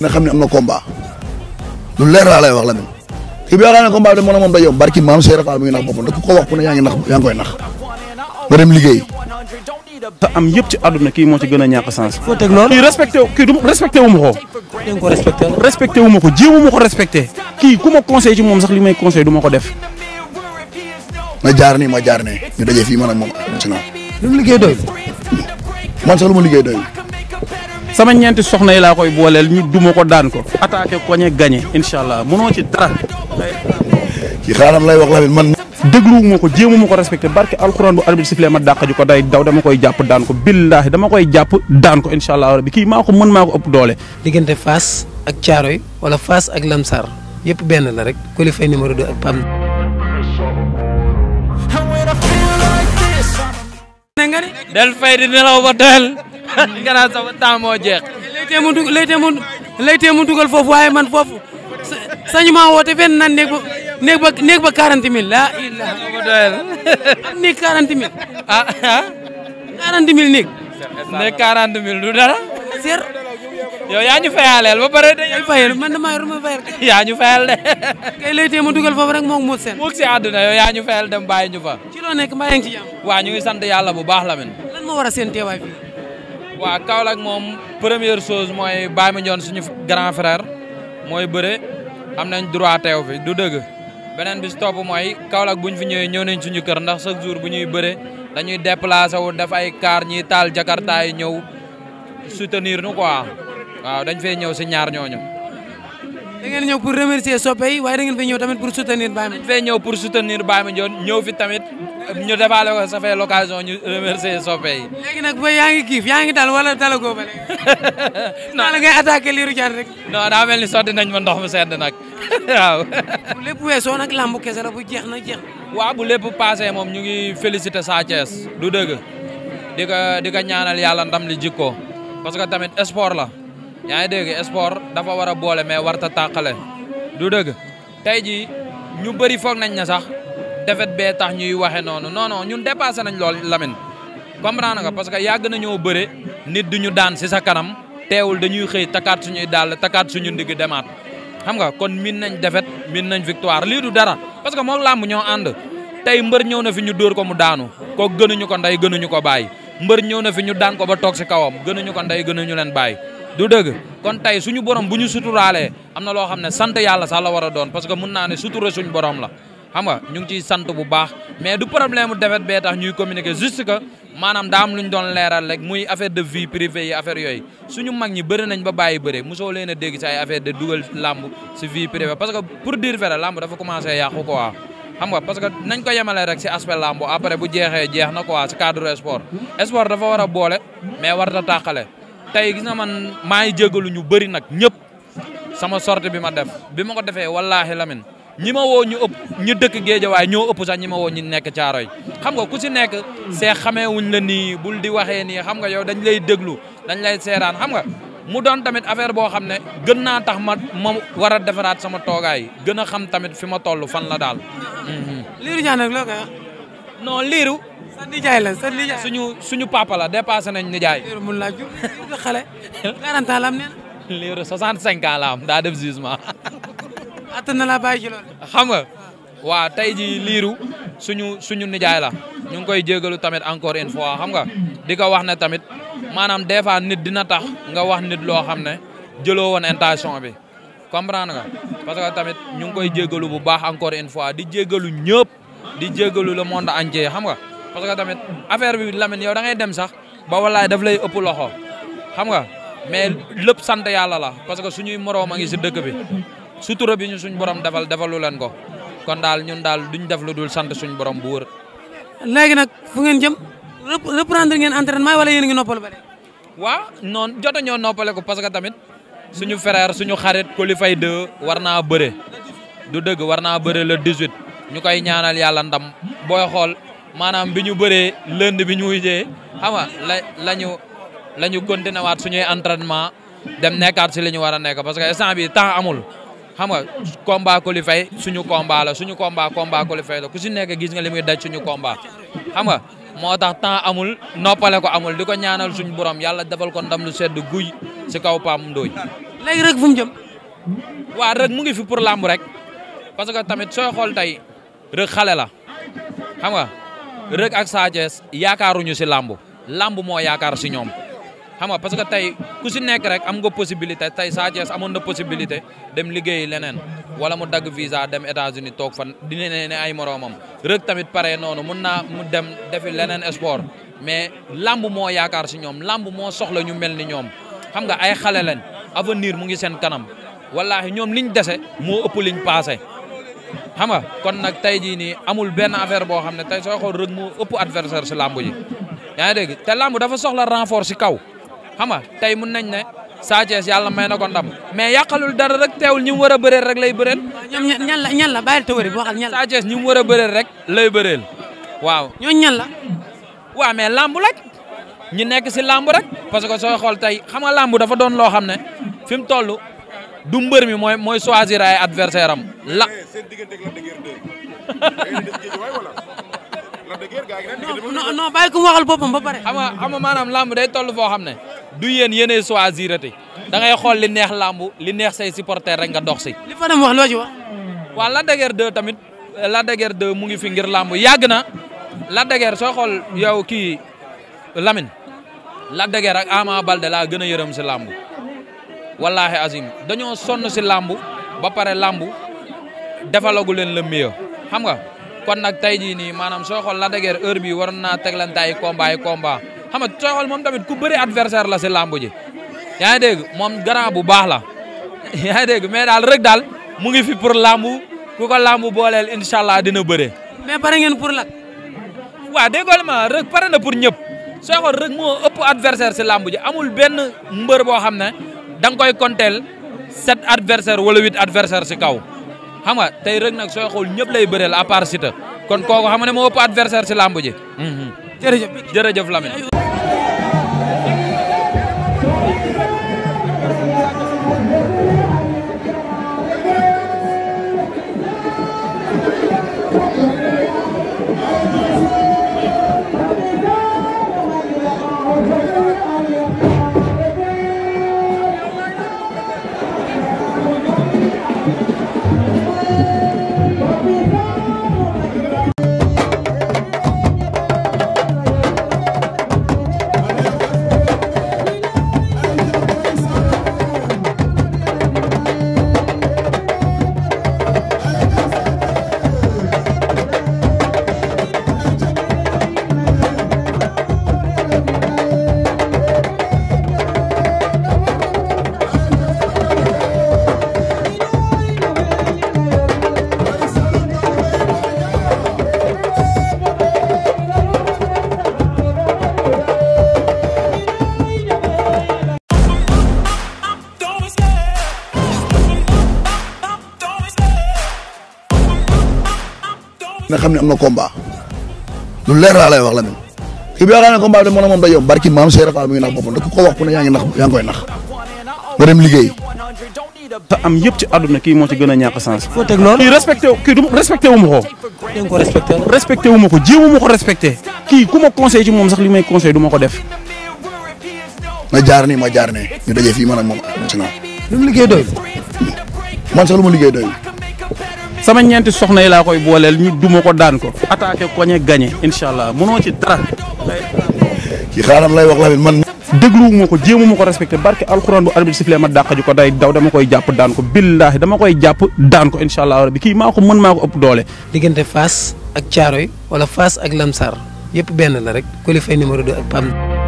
nga xam ne am na combat lu leer laa lay wax la même kii bi yaakaar naa ne combat bi moom moom day yomb barki maam Cheikh Rafaal ngi nax boppam te ko wax ku ne yaa ngi nax yaa ngi nax nga dem liggéey. am yëpp ci àdduna kii moo ci gën a ñàkk sens. foo teg loolu kii respecté kii du respecté wu ma ko. dégg ko respecté wu. respecté wu ma ko jéemu ma ko respecté kii ku ma conseil ci moom sax li may conseil du ma ko def. ma jaar nii ma jaar ne ñu daje fii man ak moom ci naaw. li mu liggéey doyul. man sax lu ma liggéey doy sama ñeenti soxna yi laa koy booleel ñu duma ko daan ko attaqué ko ñe gagné incha allah mënoo ci dara. ci wax la man. dégluwuma ko jéemuma ko respecté barke alxuraan bu arbitre sifflé ma dàq ji ko day daw dama koy jàpp daan ko billaahi dama koy jàpp daan ko incha allah rabbi kii maa ko mën maa ko ëpp doole. diggante Fass ak caaro yi wala Fass ak Lamsar yëpp benn la rek Coly Faye numéro 2 ak PAM. ne nga nga naan sama temps moo jeex. léegi mu dug léegi mu dugal foofu waaye man foofu sañu maa woote fenn nan néeg ba néeg ba néeg ba 40 000 laa illah ma doyal am néeg 40 000 ah ah 40 000 néeg. ne 40 000 du dara. seer. yow yaa ñu fayaleel ba pare de. yaa ñu fayal man damaa yor ma fayal de. yaa ñu fayal de. kay lay tee ma dugal foofu rek moom muut seen. muut si àdduna yow yaa ñu fayal dem bàyyi ñu fa. ci loo nekk mbaa yaa ngi ci jàmm. waa ñu ngi sant yàlla bu baax la man. lan moo war a seen teewaay fii. waa Kaolack moom première chose mooy Baye Mandione suñu grand frère mooy bëre am nañ droit teew fi du dëgg beneen bi si topp mooy Kaolack buñ fi ñëwee ñëw nañ suñu kër ndax chaque jour bu ñuy bëre dañuy déplacé wu def ay car taal jakarta yi ñëw soutenir nu quoi waaw dañ fay ñëw si ñaar ñooñu. da ngeen ñëw pour remercier soppe yi waaye da ngeen fay ñëw tamit pour soutenir Baye Mandione. ñëw fi tamit. ñu defaale ko ça fait l'occasion ñu remercier soppe yi. léegi nag booy yaa ngi kiif yaa ngi dal wala dalagoo ba léegi. non la ngay attaqué liiru jaar rek. non daa mel ni sotti nañ ma ndox mu sedd nag waaw. bu lépp weesoo nag lambu kese la bu jeex na jeex. waaw bu lépp passé moom ñu ngi félicité Sa Thiès du dëgg di ko di ko ñaanal yàlla ndam li jikko parce que tamit sport la yaa ngi dégg sport dafa war a boole mais warta tàqale du dëgg tey ji ñu bëri foog nañ na sax. defet bee tax ñuy waxe noonu non non ñun dépassé nañ lool Lamine comprendre nga parce que yàgg nañoo bëre nit du ñu daan si sa kanam teewul dañuy xëy takkaat suñuy dàll takkaat suñu ndigg demaat xam nga kon miin nañ defet min nañ victoire lii du dara parce que moom làmb ñoo ànd tey mbër ñëw na fi ñu dóor ko mu daanu ko gënuñu ko ndey gënuñu ko bàyyi mbër ñëw na fi ñu daan ko ba toog si kawam gënuñu ko ndey gënuñu leen bàyyi du dëgg kon tey suñu borom bu ñu suturaalee am na loo xam ne sant yàlla sax la war a doon parce que mun naa ne sutura suñu borom la xam nga ñu ngi ciy sant bu baax mais du problème mu defet bee tax ñuy communiquer juste que maanaam daa am lu ñu doon leeral rek muy affaire de vie privée yi affaire yooyu suñu mag ñi bëri nañ ba bàyyi bëre mosoo leen a dégg si ay affaire de dugal làmb si vie privée parce que pour dire vrai làmb dafa commencé yàqu quoi xam nga parce que nañ ko yemale rek si aspect làmb après bu jeexee jeex na quoi si cadre sport sport dafa war a boole mais warta tàqale tey gis na man maa ngi jégalu ñu bëri nag ñëpp sama sorte bi ma def bi ma ko defee wallaahi lamin ñi ma woo ñu ëpp ñu dëkk géejawaay ñoo ëpp sax ñi ma woo ñu nekk caaro yi xam nga ku si nekk see xameewuñ la nii bul di waxee nii xam nga yow dañ lay déglu dañ lay seeraan xam nga mu doon tamit affaire boo xam ne gën naa tax ma ma war a defaraat sama toogaay gën a xam tamit fi ma toll fan la daal. Mhm. liiru ñaan nag loo la sa suñu suñu papa la dépassé nañ nijaay. liiru mun laa jur xale 40 ans la am nee na. liiru 65 daa def jugement. attan na laa bàyyi ci xam nga waa tey ji liiru suñu suñu nijaay la ñu ngi koy jégalu tamit encore une fois xam nga di ko wax ne tamit maanaam des fois nit dina tax nga wax nit loo xam ne jëloo woon intention bi comprendre nga parce que tamit ñu ngi koy jégalu bu baax encore une fois di jégalu ñëp di jégalu le monde entier xam nga parce que tamit affaire bi lamin yow da ngay dem sax ba wallaay daf lay ëpp loxo xam nga mais lépp sant yàlla la parce que suñuy moroom a ngi si dëkk bi sutura bi ñu suñ borom defal defalu leen ko kon daal ñun daal duñ def lu dul sant suñ borom bu wër. léegi nag fu ngeen jëm reprendre ngeen entraînement wala yéen ngi noppalu ba waaw noon jot ñoo noppale ko parce que tamit suñu frère suñu xarit Coly Faye 2 war naa bëre du dëgg war naa bëre le 18 ñu koy ñaanal yàlla ndam booy xool maanaam bi ñu bëree lënd bi ñu wujjee xam nga la la ñu la ñu continué waat suñuy entraînement dem nekkaat si li ñu war a nekk parce que instant bi temps amul. xam nga combat suñu combat la suñu combat combat qualifié la ku si nekk gis nga li muy suñu combat xam nga moo tax temps amul noppale ko amul di ko ñaanal suñu borom yàlla defal ko ndam lu sedd guy si kaw Pape Ndoye. léegi rek fu mu waa rek mu ngi fi pour làmb rek parce que tamit sooy xool tey rek xale la xam nga rek ak Sa Thiès yaakaaruñu si làmb làmb moo yaakaar si ñoom. xam nga parce que tey ku si nekk rek am nga possibilité tey Sa Thiès amoon na possibilité dem liggéey leneen wala mu dagg visa dem États-Unis toog fan dina ne ay moroomam rek tamit pare noonu mun naa mu dem defi leneen sport mais lamb moo yaakaar si ñoom lamb moo soxla ñu mel ni ñoom xam nga ay xale lañ avenir mu ngi seen kanam wallahi ñoom liñ dese mu ëpp liñ paase xam nga kon nag tey jii nii amul benn affaire boo xam ne tey soo xool rek moo ëpp adversaire si lamb ji yaa ngi dégg te lamb dafa soxla renfort si kaw xam nga tey mun nañ ne Sa Thiès yàlla may na ko ndam mais yàqalul dara rek teewul ñi mu war a bëreel rek lay bëreel. ñoom ñan la ñan la bàyyi tawari bi waxal ñan la. Sa Thiès ñi mu rek lay bëreel waaw. ñooñu ñan la. waaw mais làmb rek ñu nekk si làmb rek parce que sooy xool tey xam nga làmb dafa doon loo xam ne fi mu toll du mbër mi mooy mooy choisir ay adversaire am la. Eh, non non bàyyi ko mu waxal boppam ba pare. xam nga xam nga maanaam làmb day toll foo xam ne du yéen yéenay choisirati da ngay xool li neex làmb li neex sey supporter rek nga dox si. li fa dem wax loo ci wa waaw Lac de Guiers tamit la de Guiers mu ngi fi ngir làmb yàgg na Lac de soo xool yow kii lamin la de Guiers ak Ama Balde laa gën a yërëm si làmb wallaahi azim dañoo sonn si làmb ba pare làmb defalagu leen le mieux kon nag tey jii nii maanaam sooy xool Lac de Guiers heure bi waroon naa teglante ay combat ay combat xam nga sooy xool moom tamit ku bëri adversaire la si làmb ji yaa ngi dégg moom garant bu baax la yaa ngi dégg mais daal rek daal mu ngi fi pour làmb ku ko làmb booleel incha allah dina bëre. mais pare ngeen pour Lac. waaw déggoo ma rek pare na pour ñëpp sooy xool rek moo ëpp adversaire si làmb ji amul benn mbër boo xam ne da nga koy konteel sept adversaire wala huit adversaire si kaw. xam nga tey rek nag sooy xool ñëpp lay bëreel à part Siteu kon kooku xam ne moo ëpp adversaire si lamb ji. Mhm. jërëjëf jërëjëf na xam ne am na combat lu leer lay wax la mel kii bi yaakaar ne combat bi dama ne moom day yomb barki maam Cheikh ko wax ku ne yaa ngi nax yaa am yëpp ci àdduna kii moo ci gën a ñàkk sens. foo teg loolu kii respecté kii du respecté wu ma ko. dégg ko respecté respecté wu ko jéem ma ko respecté. kii ku ma conseil ci moom sax li may conseil du ma ko def. ma jaar nii ma jaar ne ñu daje fii man ak moom ci naaw. lu mu liggéey doyul. man sax lu ma liggéey doyul. sama ñeenti soxna yi laa koy booleel ñu duma ko daan ko attaqué koñe gagné incha allah mënoo ci dara. ci lay wax Lamine man. dégluwuma ko jéemuma ko respecté barke alxuraan bu arbitre sifflé ma dàq ji ko day daw dama koy jàpp daan ko billaahi dama koy jàpp daan ko incha allah rabbi kii maa ko mën maa ko ëpp doole. diggante Fass ak caaro yi wala Fass ak Lamsar yëpp benn la rek Coly Faye numéro 2 ak PAM.